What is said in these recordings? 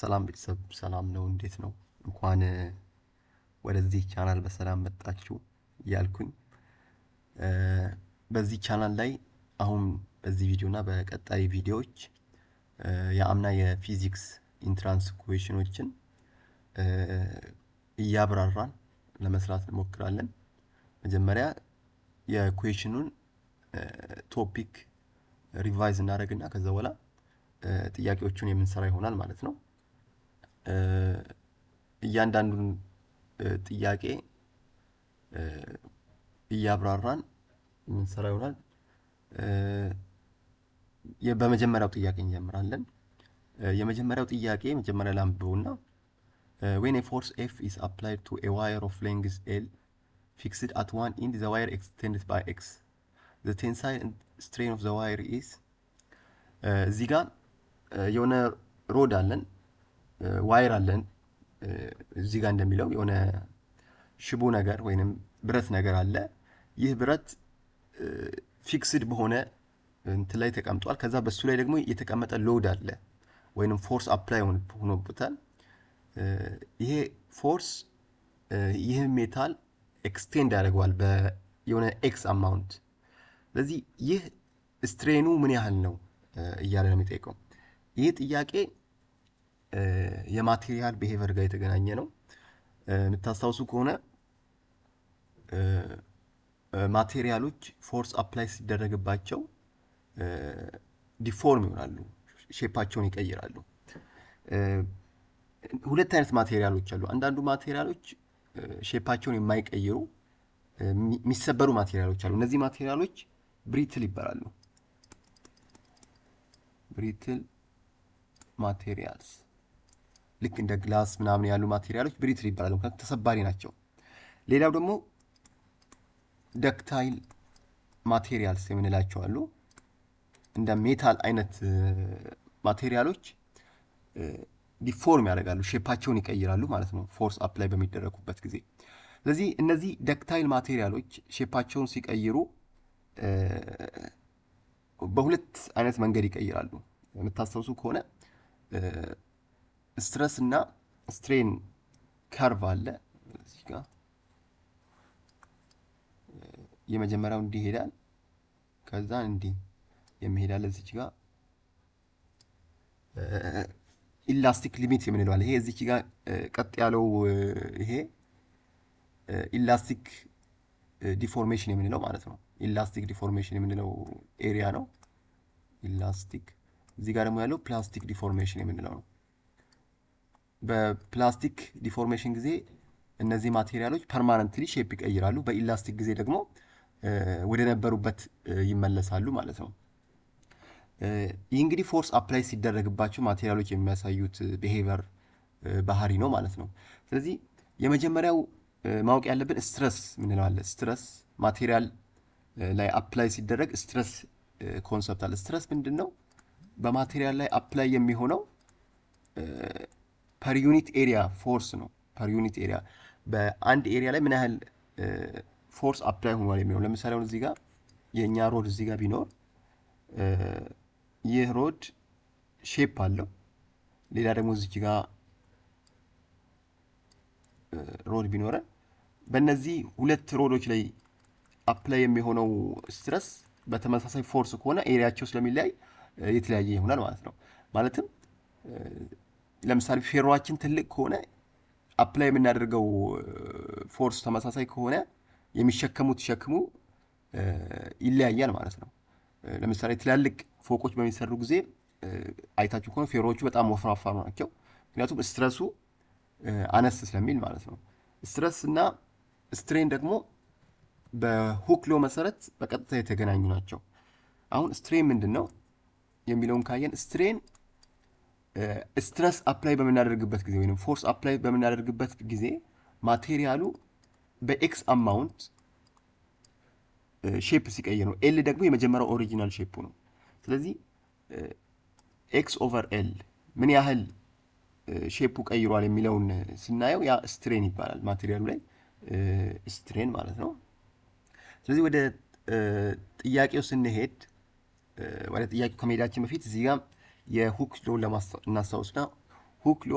ሰላም ቤተሰብ ሰላም ነው፣ እንዴት ነው? እንኳን ወደዚህ ቻናል በሰላም መጣችሁ እያልኩኝ በዚህ ቻናል ላይ አሁን በዚህ ቪዲዮ እና በቀጣይ ቪዲዮዎች የአምና የፊዚክስ ኢንትራንስ ኩዌሽኖችን እያብራራን ለመስራት እንሞክራለን። መጀመሪያ የኩዌሽኑን ቶፒክ ሪቫይዝ እናደርግና ከዛ በኋላ ጥያቄዎቹን የምንሰራ ይሆናል ማለት ነው። እያንዳንዱን ጥያቄ እያብራራን የምንሰራ ይሆናል። በመጀመሪያው ጥያቄ እንጀምራለን። የመጀመሪያው ጥያቄ መጀመሪያ ላንብበውና ዌን ፎርስ ኤፍ ኢስ አፕላይድ ቱ ኤ ዋየር ኦፍ ሌንግዝ ኤል ፊክስድ አት ዋን ኢንድ ዘ ዋየር ኤክስቴንድድ ባይ ኤክስ ዘ ቴንሳይል ስትሬን ኦፍ ዘ ዋየር ኢዝ እዚህ ጋር የሆነ ሮድ አለን ዋይር አለን እዚህ ጋር እንደሚለው የሆነ ሽቦ ነገር ወይንም ብረት ነገር አለ። ይህ ብረት ፊክስድ በሆነ እንትን ላይ ተቀምጧል። ከዛ በሱ ላይ ደግሞ የተቀመጠ ሎድ አለ ወይንም ፎርስ አፕላይ ሆኖበታል። ይሄ ፎርስ ይህ ሜታል ኤክስቴንድ ያደርገዋል የሆነ ኤክስ አማውንት። ስለዚህ ይህ ስትሬኑ ምን ያህል ነው እያለ ነው የሚጠይቀው። ይህ ጥያቄ የማቴሪያል ብሄቨር ጋር የተገናኘ ነው። የምታስታውሱ ከሆነ ማቴሪያሎች ፎርስ አፕላይ ሲደረግባቸው ዲፎርም ይሆናሉ፣ ሼፓቸውን ይቀይራሉ። ሁለት አይነት ማቴሪያሎች አሉ። አንዳንዱ ማቴሪያሎች ሼፓቸውን የማይቀይሩ የሚሰበሩ ማቴሪያሎች አሉ። እነዚህ ማቴሪያሎች ብሪትል ይባላሉ። ብሪትል ማቴሪያልስ ልክ እንደ ግላስ ምናምን ያሉ ማቴሪያሎች ብሪትል ይባላሉ፣ ምክንያቱም ተሰባሪ ናቸው። ሌላው ደግሞ ደክታይል ማቴሪያልስ የምንላቸው አሉ። እንደ ሜታል አይነት ማቴሪያሎች ዲፎርም ያደርጋሉ፣ ሼፓቸውን ይቀይራሉ ማለት ነው ፎርስ አፕላይ በሚደረጉበት ጊዜ። ስለዚህ እነዚህ ደክታይል ማቴሪያሎች ሼፓቸውን ሲቀይሩ በሁለት አይነት መንገድ ይቀይራሉ። የምታስታውሱ ከሆነ ስትረስ እና ስትሬን ከርቭ አለ። እዚህ ጋር የመጀመሪያው እንዲህ ይሄዳል፣ ከዛ እንዲህ የሚሄዳል። እዚች ጋር ኢላስቲክ ሊሚት የምንለዋል። ይሄ እዚች ጋር ቀጥ ያለው ይሄ ኢላስቲክ ዲፎርሜሽን የምንለው ማለት ነው። ኢላስቲክ ዲፎርሜሽን የምንለው ኤሪያ ነው። ኢላስቲክ እዚህ ጋር ደግሞ ያለው ፕላስቲክ ዲፎርሜሽን የምንለው ነው። በፕላስቲክ ዲፎርሜሽን ጊዜ እነዚህ ማቴሪያሎች ፐርማነንትሊ ሼፕ ይቀይራሉ። በኢላስቲክ ጊዜ ደግሞ ወደ ነበሩበት ይመለሳሉ ማለት ነው። ይህ እንግዲህ ፎርስ አፕላይ ሲደረግባቸው ማቴሪያሎች የሚያሳዩት ቢሄቨር ባህሪ ነው ማለት ነው። ስለዚህ የመጀመሪያው ማወቅ ያለብን ስትረስ ምንለው አለ። ስትረስ ማቴሪያል ላይ አፕላይ ሲደረግ ስትረስ ኮንሰፕት አለ። ስትረስ ምንድን ነው? በማቴሪያል ላይ አፕላይ የሚሆነው ፐር ዩኒት ኤሪያ ፎርስ ነው። ፐር ዩኒት ኤሪያ በአንድ ኤሪያ ላይ ምን ያህል ፎርስ አፕላይ ሆኗል የሚለው ለምሳሌ አሁን እዚህ ጋር የእኛ ሮድ እዚህ ጋር ቢኖር ይህ ሮድ ሼፕ አለው። ሌላ ደግሞ እዚህ ጋር ሮድ ቢኖረን በእነዚህ ሁለት ሮዶች ላይ አፕላይ የሚሆነው ስትረስ በተመሳሳይ ፎርስ ከሆነ ኤሪያቸው ስለሚለያይ የተለያየ ይሆናል ማለት ነው። ማለትም ለምሳሌ ፌሮችን ትልቅ ከሆነ አፕላይ የምናደርገው ፎርስ ተመሳሳይ ከሆነ የሚሸከሙት ሸክሙ ይለያያል ማለት ነው። ለምሳሌ ትላልቅ ፎቆች በሚሰሩ ጊዜ አይታችሁ ከሆነ ፌሮዎቹ በጣም ወፍራፋሩ ናቸው። ምክንያቱም ስትረሱ አነስ ስለሚል ማለት ነው። ስትረስ እና ስትሬን ደግሞ በሁክሎ መሰረት በቀጥታ የተገናኙ ናቸው። አሁን ስትሬን ምንድን ነው የሚለውን ካየን ስትሬን ስትረስ አፕላይ በምናደርግበት ጊዜ ወይም ፎርስ አፕላይ በምናደርግበት ጊዜ ማቴሪያሉ በኤክስ አማውንት ሼፕ ሲቀይር ነው። ኤል ደግሞ የመጀመሪያው ኦሪጂናል ሼፑ ነው። ስለዚህ ኤክስ ኦቨር ኤል ምን ያህል ሼፑ ቀይሯል የሚለውን ስናየው ያ ስትሬን ይባላል። ማቴሪያሉ ላይ ስትሬን ማለት ነው። ስለዚህ ወደ ጥያቄው ስንሄድ ወደ ጥያቄው ከመሄዳችን በፊት እዚህ ጋር የሁክ ሎ እናስታውስና ሁክ ሎ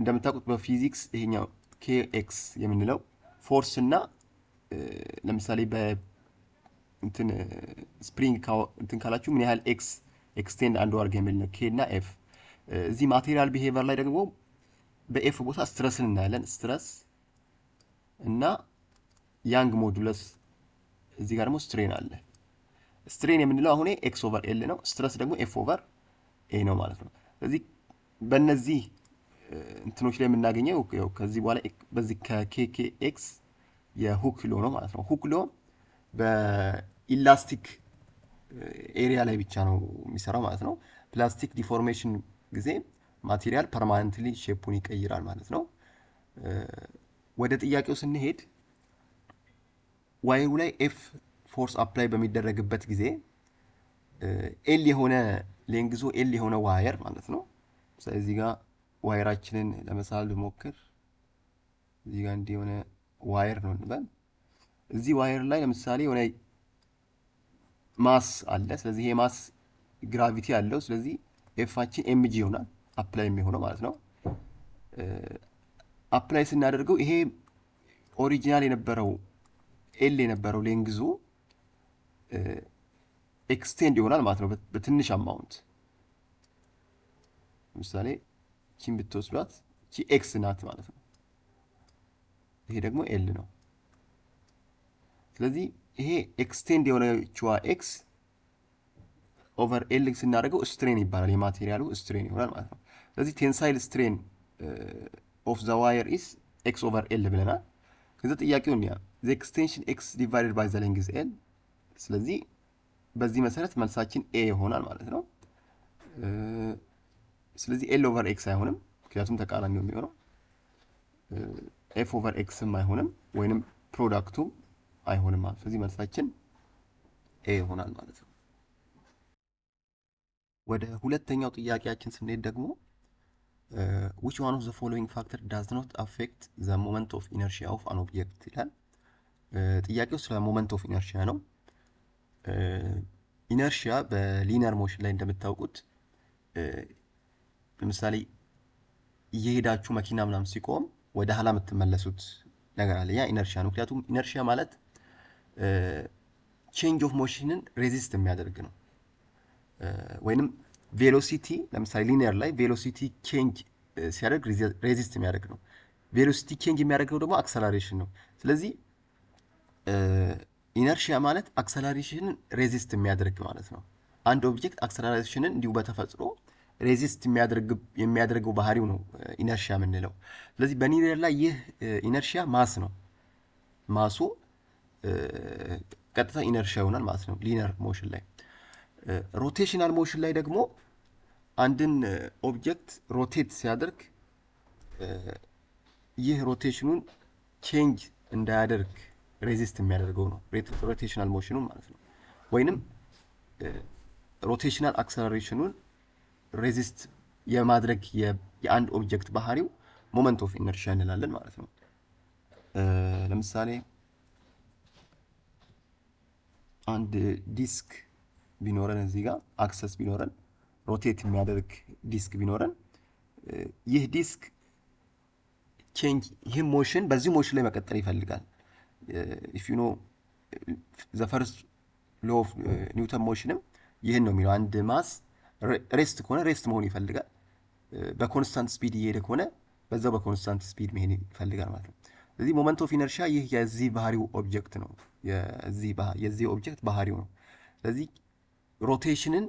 እንደምታውቁት በፊዚክስ ይሄኛው ኬኤክስ የምንለው ፎርስ እና ለምሳሌ በእንትን ስፕሪንግ እንትን ካላችሁ ምን ያህል ኤክስ ኤክስቴንድ አንዱ አድርገ የሚል ነው ኬ እና ኤፍ። እዚህ ማቴሪያል ቢሄቨር ላይ ደግሞ በኤፍ ቦታ ስትረስን እናያለን። ስትረስ እና ያንግ ሞዱለስ እዚህ ጋር ደግሞ ስትሬን አለ። ስትሬን የምንለው አሁን ኤክስ ኦቨር ኤል ነው። ስትረስ ደግሞ ኤፍ ኦቨር ይሄ ነው ማለት ነው። ስለዚህ በእነዚህ እንትኖች ላይ የምናገኘው ከዚህ በኋላ በዚህ ከኬኬኤክስ ኤክስ የሁክ ሎ ነው ማለት ነው። ሁክ ሎ በኢላስቲክ ኤሪያ ላይ ብቻ ነው የሚሰራው ማለት ነው። ፕላስቲክ ዲፎርሜሽን ጊዜ ማቴሪያል ፐርማነንትሊ ሼፑን ይቀይራል ማለት ነው። ወደ ጥያቄው ስንሄድ ዋይሩ ላይ ኤፍ ፎርስ አፕላይ በሚደረግበት ጊዜ ኤል የሆነ ሌንግዞ ኤል የሆነ ዋየር ማለት ነው። ስለዚህ ጋር ዋየራችንን ለመሳል ብሞክር እዚህ ጋር እንዲህ የሆነ ዋየር ነው እንበል። እዚህ ዋየር ላይ ለምሳሌ የሆነ ማስ አለ። ስለዚህ ይሄ ማስ ግራቪቲ አለው። ስለዚህ ኤፋችን ኤምጂ ይሆናል አፕላይ የሚሆነው ማለት ነው። አፕላይ ስናደርገው ይሄ ኦሪጂናል የነበረው ኤል የነበረው ሌንግዞ ኤክስቴንድ ይሆናል ማለት ነው በትንሽ አማውንት ለምሳሌ ቺን ብትወስዷት ቺ ኤክስ ናት ማለት ነው ይሄ ደግሞ ኤል ነው ስለዚህ ይሄ ኤክስቴንድ የሆነችዋ ኤክስ ኦቨር ኤል ስናደርገው ስትሬን ይባላል የማቴሪያሉ ስትሬን ይሆናል ማለት ነው ስለዚህ ቴንሳይል ስትሬን ኦፍ ዘ ዋየር ኢስ ኤክስ ኦቨር ኤል ብለናል ከዚ ጥያቄው ዘ ኤክስቴንሽን ኤክስ ዲቫይደድ ባይ ዘ ሌንግዝ ኤል ስለዚህ በዚህ መሰረት መልሳችን ኤ ይሆናል ማለት ነው። ስለዚህ ኤል ኦቨር ኤክስ አይሆንም፣ ምክንያቱም ተቃራኒው የሚሆነው ኤፍ ኦቨር ኤክስም አይሆንም፣ ወይንም ፕሮዳክቱ አይሆንም ማለት ስለዚህ መልሳችን ኤ ይሆናል ማለት ነው። ወደ ሁለተኛው ጥያቄያችን ስንሄድ ደግሞ ዊች ዋን ኦፍ ዘ ፎሎዊንግ ፋክተር ዳዝ ኖት አፌክት ዘ ሞመንት ኦፍ ኢነርሺያ ኦፍ አን ኦብጀክት ይላል። ጥያቄው ስለ ሞመንት ኦፍ ኢነርሺያ ነው። ኢነርሺያ በሊነር ሞሽን ላይ እንደምታውቁት ለምሳሌ እየሄዳችሁ መኪና ምናምን ሲቆም ወደ ኋላ የምትመለሱት ነገር አለ። ያ ኢነርሺያ ነው። ምክንያቱም ኢነርሺያ ማለት ቼንጅ ኦፍ ሞሽንን ሬዚስት የሚያደርግ ነው። ወይንም ቬሎሲቲ ለምሳሌ ሊኒየር ላይ ቬሎሲቲ ቼንጅ ሲያደርግ ሬዚስት የሚያደርግ ነው። ቬሎሲቲ ቼንጅ የሚያደርገው ደግሞ አክሰላሬሽን ነው። ስለዚህ ኢነርሺያ ማለት አክሰላሬሽንን ሬዚስት የሚያደርግ ማለት ነው። አንድ ኦብጀክት አክሰላሬሽንን እንዲሁ በተፈጥሮ ሬዚስት የሚያደርገው ባህሪው ነው ኢነርሻ የምንለው። ስለዚህ በኒውተን ላይ ይህ ኢነርሺያ ማስ ነው። ማሱ ቀጥታ ኢነርሺያ ይሆናል ማለት ነው ሊነር ሞሽን ላይ። ሮቴሽናል ሞሽን ላይ ደግሞ አንድን ኦብጀክት ሮቴት ሲያደርግ ይህ ሮቴሽኑን ቼንጅ እንዳያደርግ ሬዚስት የሚያደርገው ነው ሮቴሽናል ሞሽኑን ማለት ነው። ወይንም ሮቴሽናል አክሰለሬሽኑን ሬዚስት የማድረግ የአንድ ኦብጀክት ባህሪው ሞመንት ኦፍ ኢነርሺያ እንላለን ማለት ነው። ለምሳሌ አንድ ዲስክ ቢኖረን እዚህ ጋር አክሰስ ቢኖረን ሮቴት የሚያደርግ ዲስክ ቢኖረን ይህ ዲስክ ቼንጅ ይህ ሞሽን በዚህ ሞሽን ላይ መቀጠል ይፈልጋል። ኢፍ ዩ ኖ ዘ ፈርስት ሎ ኦፍ ኒውተን ሞሽንም ይህን ነው የሚለው። አንድ ማስ ሬስት ከሆነ ሬስት መሆን ይፈልጋል። uh, በኮንስታንት ስፒድ እየሄደ ከሆነ በዛው በኮንስታንት ስፒድ መሄድ ይፈልጋል ማለት ነው። ስለዚህ ሞመንት ኦፍ ኢነርሻ ይህ የዚህ ባህሪው ኦብጀክት ነው፣ የዚህ ኦብጀክት ባህሪው ነው። ስለዚህ ሮቴሽንን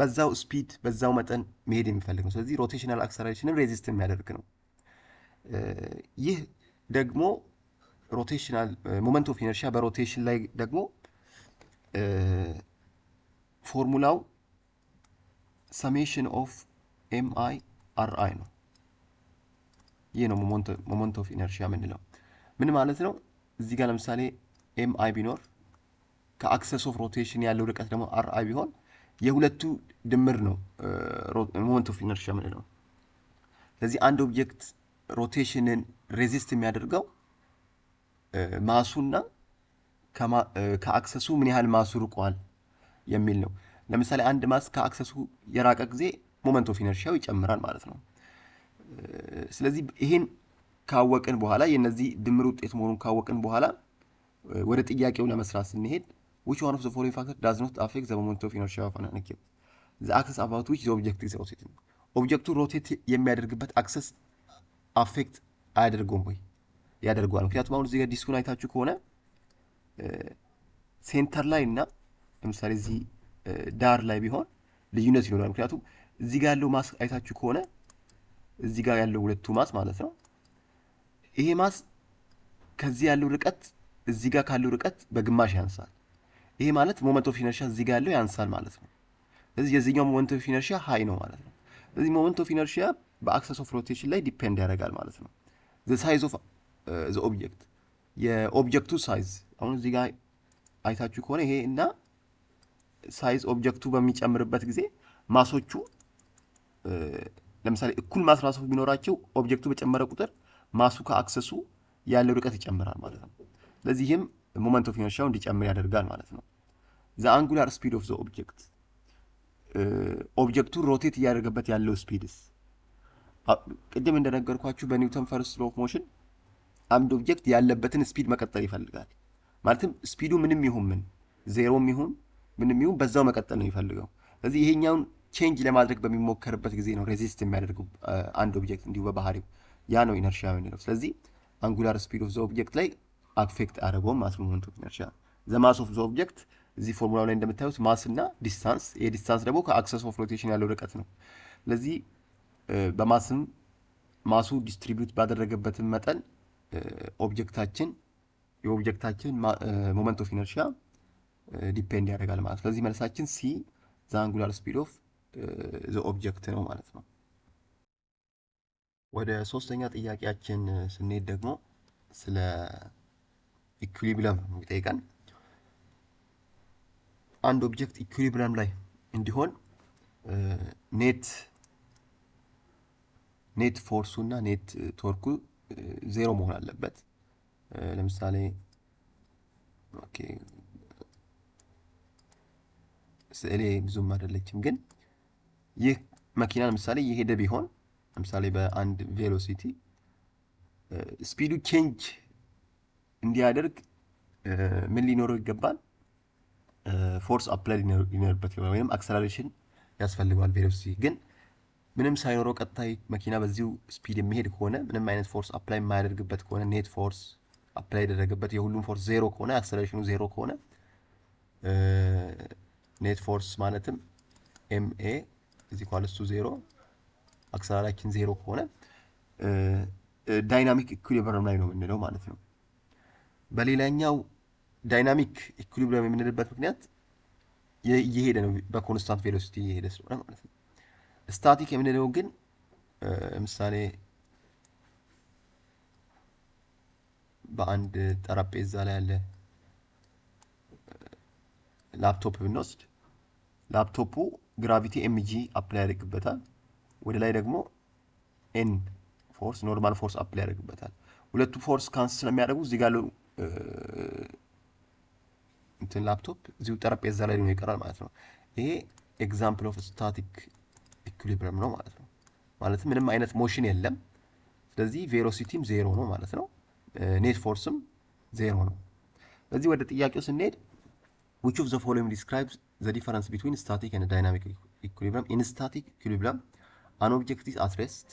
በዛው ስፒድ በዛው መጠን መሄድ የሚፈልግ ነው። ስለዚህ ሮቴሽናል አክሰለሬሽንን ሬዚስት የሚያደርግ ነው። uh, ይህ ደግሞ ሮቴሽናል ሞመንት ኦፍ ኢነርሺያ በሮቴሽን ላይ ደግሞ ፎርሙላው ሰሜሽን ኦፍ ኤም አይ አር አይ ነው። ይህ ነው ሞመንት ኦፍ ኢነርሺያ የምንለው። ምን ማለት ነው? እዚህ ጋር ለምሳሌ ኤም አይ ቢኖር ከአክሰስ ኦፍ ሮቴሽን ያለው ርቀት ደግሞ አር አይ ቢሆን የሁለቱ ድምር ነው ሞመንት ኦፍ ኢነርሺያ የምንለው። ስለዚህ አንድ ኦብጀክት ሮቴሽንን ሬዚስት የሚያደርገው ማሱና ከአክሰሱ ምን ያህል ማሱ ርቋል የሚል ነው። ለምሳሌ አንድ ማስ ከአክሰሱ የራቀ ጊዜ ሞመንት ኦፍ ኢነርሺያው ይጨምራል ማለት ነው። ስለዚህ ይሄን ካወቅን በኋላ የነዚህ ድምር ውጤት መሆኑን ካወቅን በኋላ ወደ ጥያቄው ለመስራት ስንሄድ ዊች ዋን ኦፍ ዘ ፎሎዊንግ ፋክተር ዳዝ ኖት አፌክት ዘ ሞመንት ኦፍ ኢነርሺያ ኦፍ አን ኦብጀክት ዘ አክሰስ አባውት ዊች ዘ ኦብጀክት ኢዝ ሮቴቲንግ ኦብጀክቱ ሮቴት የሚያደርግበት አክሰስ አፌክት አያደርገውም ወይ? ያደርገዋል። ምክንያቱም አሁን እዚህ ጋር ዲስኩን አይታችሁ ከሆነ ሴንተር ላይ እና ለምሳሌ እዚህ ዳር ላይ ቢሆን ልዩነት ይኖራል። ምክንያቱም እዚህ ጋር ያለው ማስ አይታችሁ ከሆነ እዚህ ጋር ያለው ሁለቱ ማስ ማለት ነው። ይሄ ማስ ከዚህ ያለው ርቀት እዚህ ጋር ካለው ርቀት በግማሽ ያንሳል። ይሄ ማለት ሞመንት ኦፍ ኢነርሻ እዚህ ጋር ያለው ያንሳል ማለት ነው። ስለዚህ የዚህኛው ሞመንት ኦፍ ኢነርሻ ሀይ ነው ማለት ነው። ስለዚህ ሞመንት ኦፍ ኢነርሻ በአክሰስ ኦፍ ሮቴሽን ላይ ዲፔንድ ያደርጋል ማለት ነው። ዘ ሳይዝ ኦፍ ዘ ኦብጀክት የኦብጀክቱ ሳይዝ አሁን እዚህ ጋር አይታችሁ ከሆነ ይሄ እና ሳይዝ ኦብጀክቱ በሚጨምርበት ጊዜ ማሶቹ ለምሳሌ እኩል ማስ ራሱ ቢኖራቸው ኦብጀክቱ በጨመረ ቁጥር ማሱ ከአክሰሱ ያለው ርቀት ይጨምራል ማለት ነው። ስለዚህ ይህም ሞመንት ኦፍ ኢነርሺያው እንዲጨምር ያደርጋል ማለት ነው። ዘ አንጉላር ስፒድ ኦፍ ዘ ኦብጀክት ኦብጀክቱ ሮቴት እያደረገበት ያለው ስፒድስ ቅድም እንደነገርኳችሁ በኒውተን ፈርስት ሎ ኦፍ ሞሽን አንድ ኦብጀክት ያለበትን ስፒድ መቀጠል ይፈልጋል። ማለትም ስፒዱ ምንም ይሁን ምን ዜሮም ይሁን ምንም ይሁን በዛው መቀጠል ነው የሚፈልገው። ስለዚህ ይሄኛውን ቼንጅ ለማድረግ በሚሞከርበት ጊዜ ነው ሬዚስት የሚያደርገው አንድ ኦብጀክት እንዲሁ በባህሪው ያ ነው ኢነርሺያ የምንለው። ስለዚህ አንጉላር ስፒድ ኦፍ ዘ ኦብጀክት ላይ አፌክት አደረገውም ማስ ሞመንት ኦፍ ኢነርሺያ። ዘ ማስ ኦፍ ዘ ኦብጀክት እዚህ ፎርሙላው ላይ እንደምታዩት ማስ እና ዲስታንስ፣ ይሄ ዲስታንስ ደግሞ ከአክሰስ ኦፍ ሮቴሽን ያለው ርቀት ነው። ስለዚህ በማስም ማሱ ዲስትሪቢዩት ባደረገበትም መጠን ኦብጀክታችን የኦብጀክታችን ሞመንት ኦፍ ኢነርሺያ ዲፔንድ ያደርጋል ማለት ነው። ስለዚህ መልሳችን ሲ ዘ አንጉላር ስፒድ ኦፍ ዘ ኦብጀክት ነው ማለት ነው። ወደ ሶስተኛ ጥያቄያችን ስንሄድ ደግሞ ስለ ኢኩሊብሪየም ነው የሚጠይቀን። አንድ ኦብጀክት ኢኩሊብሪየም ላይ እንዲሆን ኔት ኔት ፎርሱ እና ኔት ቶርኩ ዜሮ መሆን አለበት። ለምሳሌ ኦኬ ስዕሌ ብዙም አይደለችም፣ ግን ይህ መኪና ለምሳሌ የሄደ ቢሆን ለምሳሌ በአንድ ቬሎሲቲ ስፒዱ ቼንጅ እንዲያደርግ ምን ሊኖረው ይገባል? ፎርስ አፕላይ ሊኖርበት ወይም አክሰላሬሽን ያስፈልገዋል። ቬሎሲቲ ግን ምንም ሳይኖረው ቀጥታይ መኪና በዚሁ ስፒድ የሚሄድ ከሆነ ምንም አይነት ፎርስ አፕላይ የማያደርግበት ከሆነ ኔት ፎርስ አፕላይ ያደረገበት የሁሉም ፎርስ ዜሮ ከሆነ አክሰሌሬሽኑ ዜሮ ከሆነ ኔት ፎርስ ማለትም ኤምኤ እዚህ ኳልሱ ዜሮ አክሰላራችን ዜሮ ከሆነ ዳይናሚክ ኢኩሊብረም ላይ ነው የምንለው ማለት ነው። በሌላኛው ዳይናሚክ ኢኩሊብረም የምንልበት ምክንያት እየሄደ ነው፣ በኮንስታንት ቬሎሲቲ እየሄደ ስለሆነ ማለት ነው። ስታቲክ የምንለው ግን ለምሳሌ በአንድ ጠረጴዛ ላይ ያለ ላፕቶፕ ብንወስድ ላፕቶፑ ግራቪቲ ኤምጂ አፕላይ ያደርግበታል። ወደ ላይ ደግሞ ኤን ፎርስ ኖርማል ፎርስ አፕላይ ያደርግበታል። ሁለቱ ፎርስ ካንስ ስለሚያደርጉ እዚህ ጋር እንትን ላፕቶፕ እዚሁ ጠረጴዛ ላይ ሊሆን ይቀራል ማለት ነው። ይሄ ኤግዛምፕል ኦፍ ስታቲክ ኢኩሊብሪየም ነው ማለት ነው። ማለትም ምንም አይነት ሞሽን የለም። ስለዚህ ቬሎሲቲም ዜሮ ነው ማለት ነው። ኔት ፎርስም ዜሮ ነው። በዚህ ወደ ጥያቄው ስንሄድ ዊች ኦፍ ዘ ፎሎዊንግ ዲስክራይብስ ዘ ዲፈረንስ ቢትዊን ስታቲክ ኤንድ ዳይናሚክ ኢኩሊብረም ኢን ስታቲክ ኢኩሊብረም አን ኦብጀክት ኢዝ አት ሬስት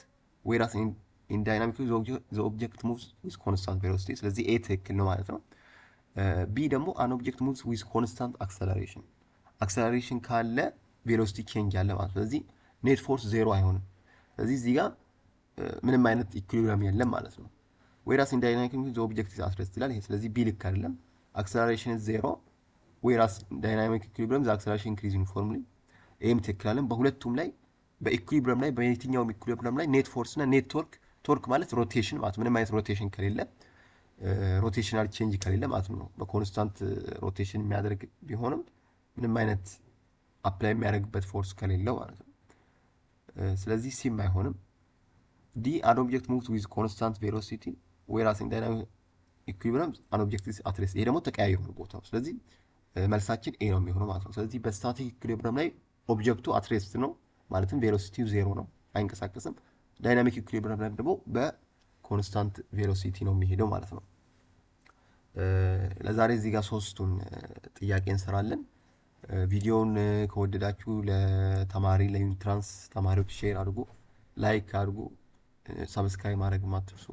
ዌራስ ኢን ዳይናሚክ ዘ ኦብጀክት ሙቭስ ዊዝ ኮንስታንት ቬሎሲቲ። ስለዚህ ኤ ትክክል ነው ማለት ነው። ቢ ደግሞ አን ኦብጀክት ሙቭስ ዊዝ ኮንስታንት አክሰለሬሽን አክሰለሬሽን ካለ ቬሎሲቲ ቼንጅ አለ ማለት ነው። ስለዚህ ኔት ፎርስ ዜሮ አይሆንም። ስለዚህ እዚህ ጋር ምንም አይነት ኢኩሊብሪየም የለም ማለት ነው። ዌራስ ኢን ዳይናሚክ ዘ ኦብጀክት ኢዝ አትረስት ይላል። ይሄ ስለዚህ ቢ ልክ አይደለም። አክሰለሬሽን ኢዝ ዜሮ ዌራስ ዳይናሚክ ኢኩሊብሪየም ዘ አክሰለሬሽን ኢንክሪዝ ዩኒፎርምሊ። ይህም ትክክል አይደለም። በሁለቱም ላይ በኢኩሊብሪየም ላይ በየትኛውም ኢኩሊብሪየም ላይ ኔት ፎርስ እና ኔት ቶርክ ቶርክ ማለት ሮቴሽን ማለት ምንም አይነት ሮቴሽን ከሌለ ሮቴሽናል ቼንጅ ከሌለ ማለት ነው። በኮንስታንት ሮቴሽን የሚያደርግ ቢሆንም ምንም አይነት አፕላይ የሚያደርግበት ፎርስ ከሌለው ማለት ነው። ስለዚህ ሲም አይሆንም። ዲ አን ኦብጀክት ሙቭ ዊዝ ኮንስታንት ቬሎሲቲ ዌራስ ኢን ዳይናሚክ ኢኩዊብረም አን ኦብጀክት ኢዝ አት ሬስት። ይሄ ደግሞ ተቀያይ የሆነ ቦታ ነው። ስለዚህ መልሳችን ኤ ነው የሚሆነው ማለት ነው። ስለዚህ በስታቲክ ኢኩሊብረም ላይ ኦብጀክቱ አት ሬስት ነው ማለትም ቬሎሲቲው ዜሮ ነው፣ አይንቀሳቀስም። ዳይናሚክ ኢኩሊብረም ላይ ደግሞ በኮንስታንት ቬሎሲቲ ነው የሚሄደው ማለት ነው። ለዛሬ እዚህ ጋር ሶስቱን ጥያቄ እንሰራለን። ቪዲዮውን ከወደዳችሁ ለተማሪ ለኢንትራንስ ተማሪዎች ሼር አድርጉ፣ ላይክ አድርጉ፣ ሰብስክራይብ ማድረግ ማትርሱ።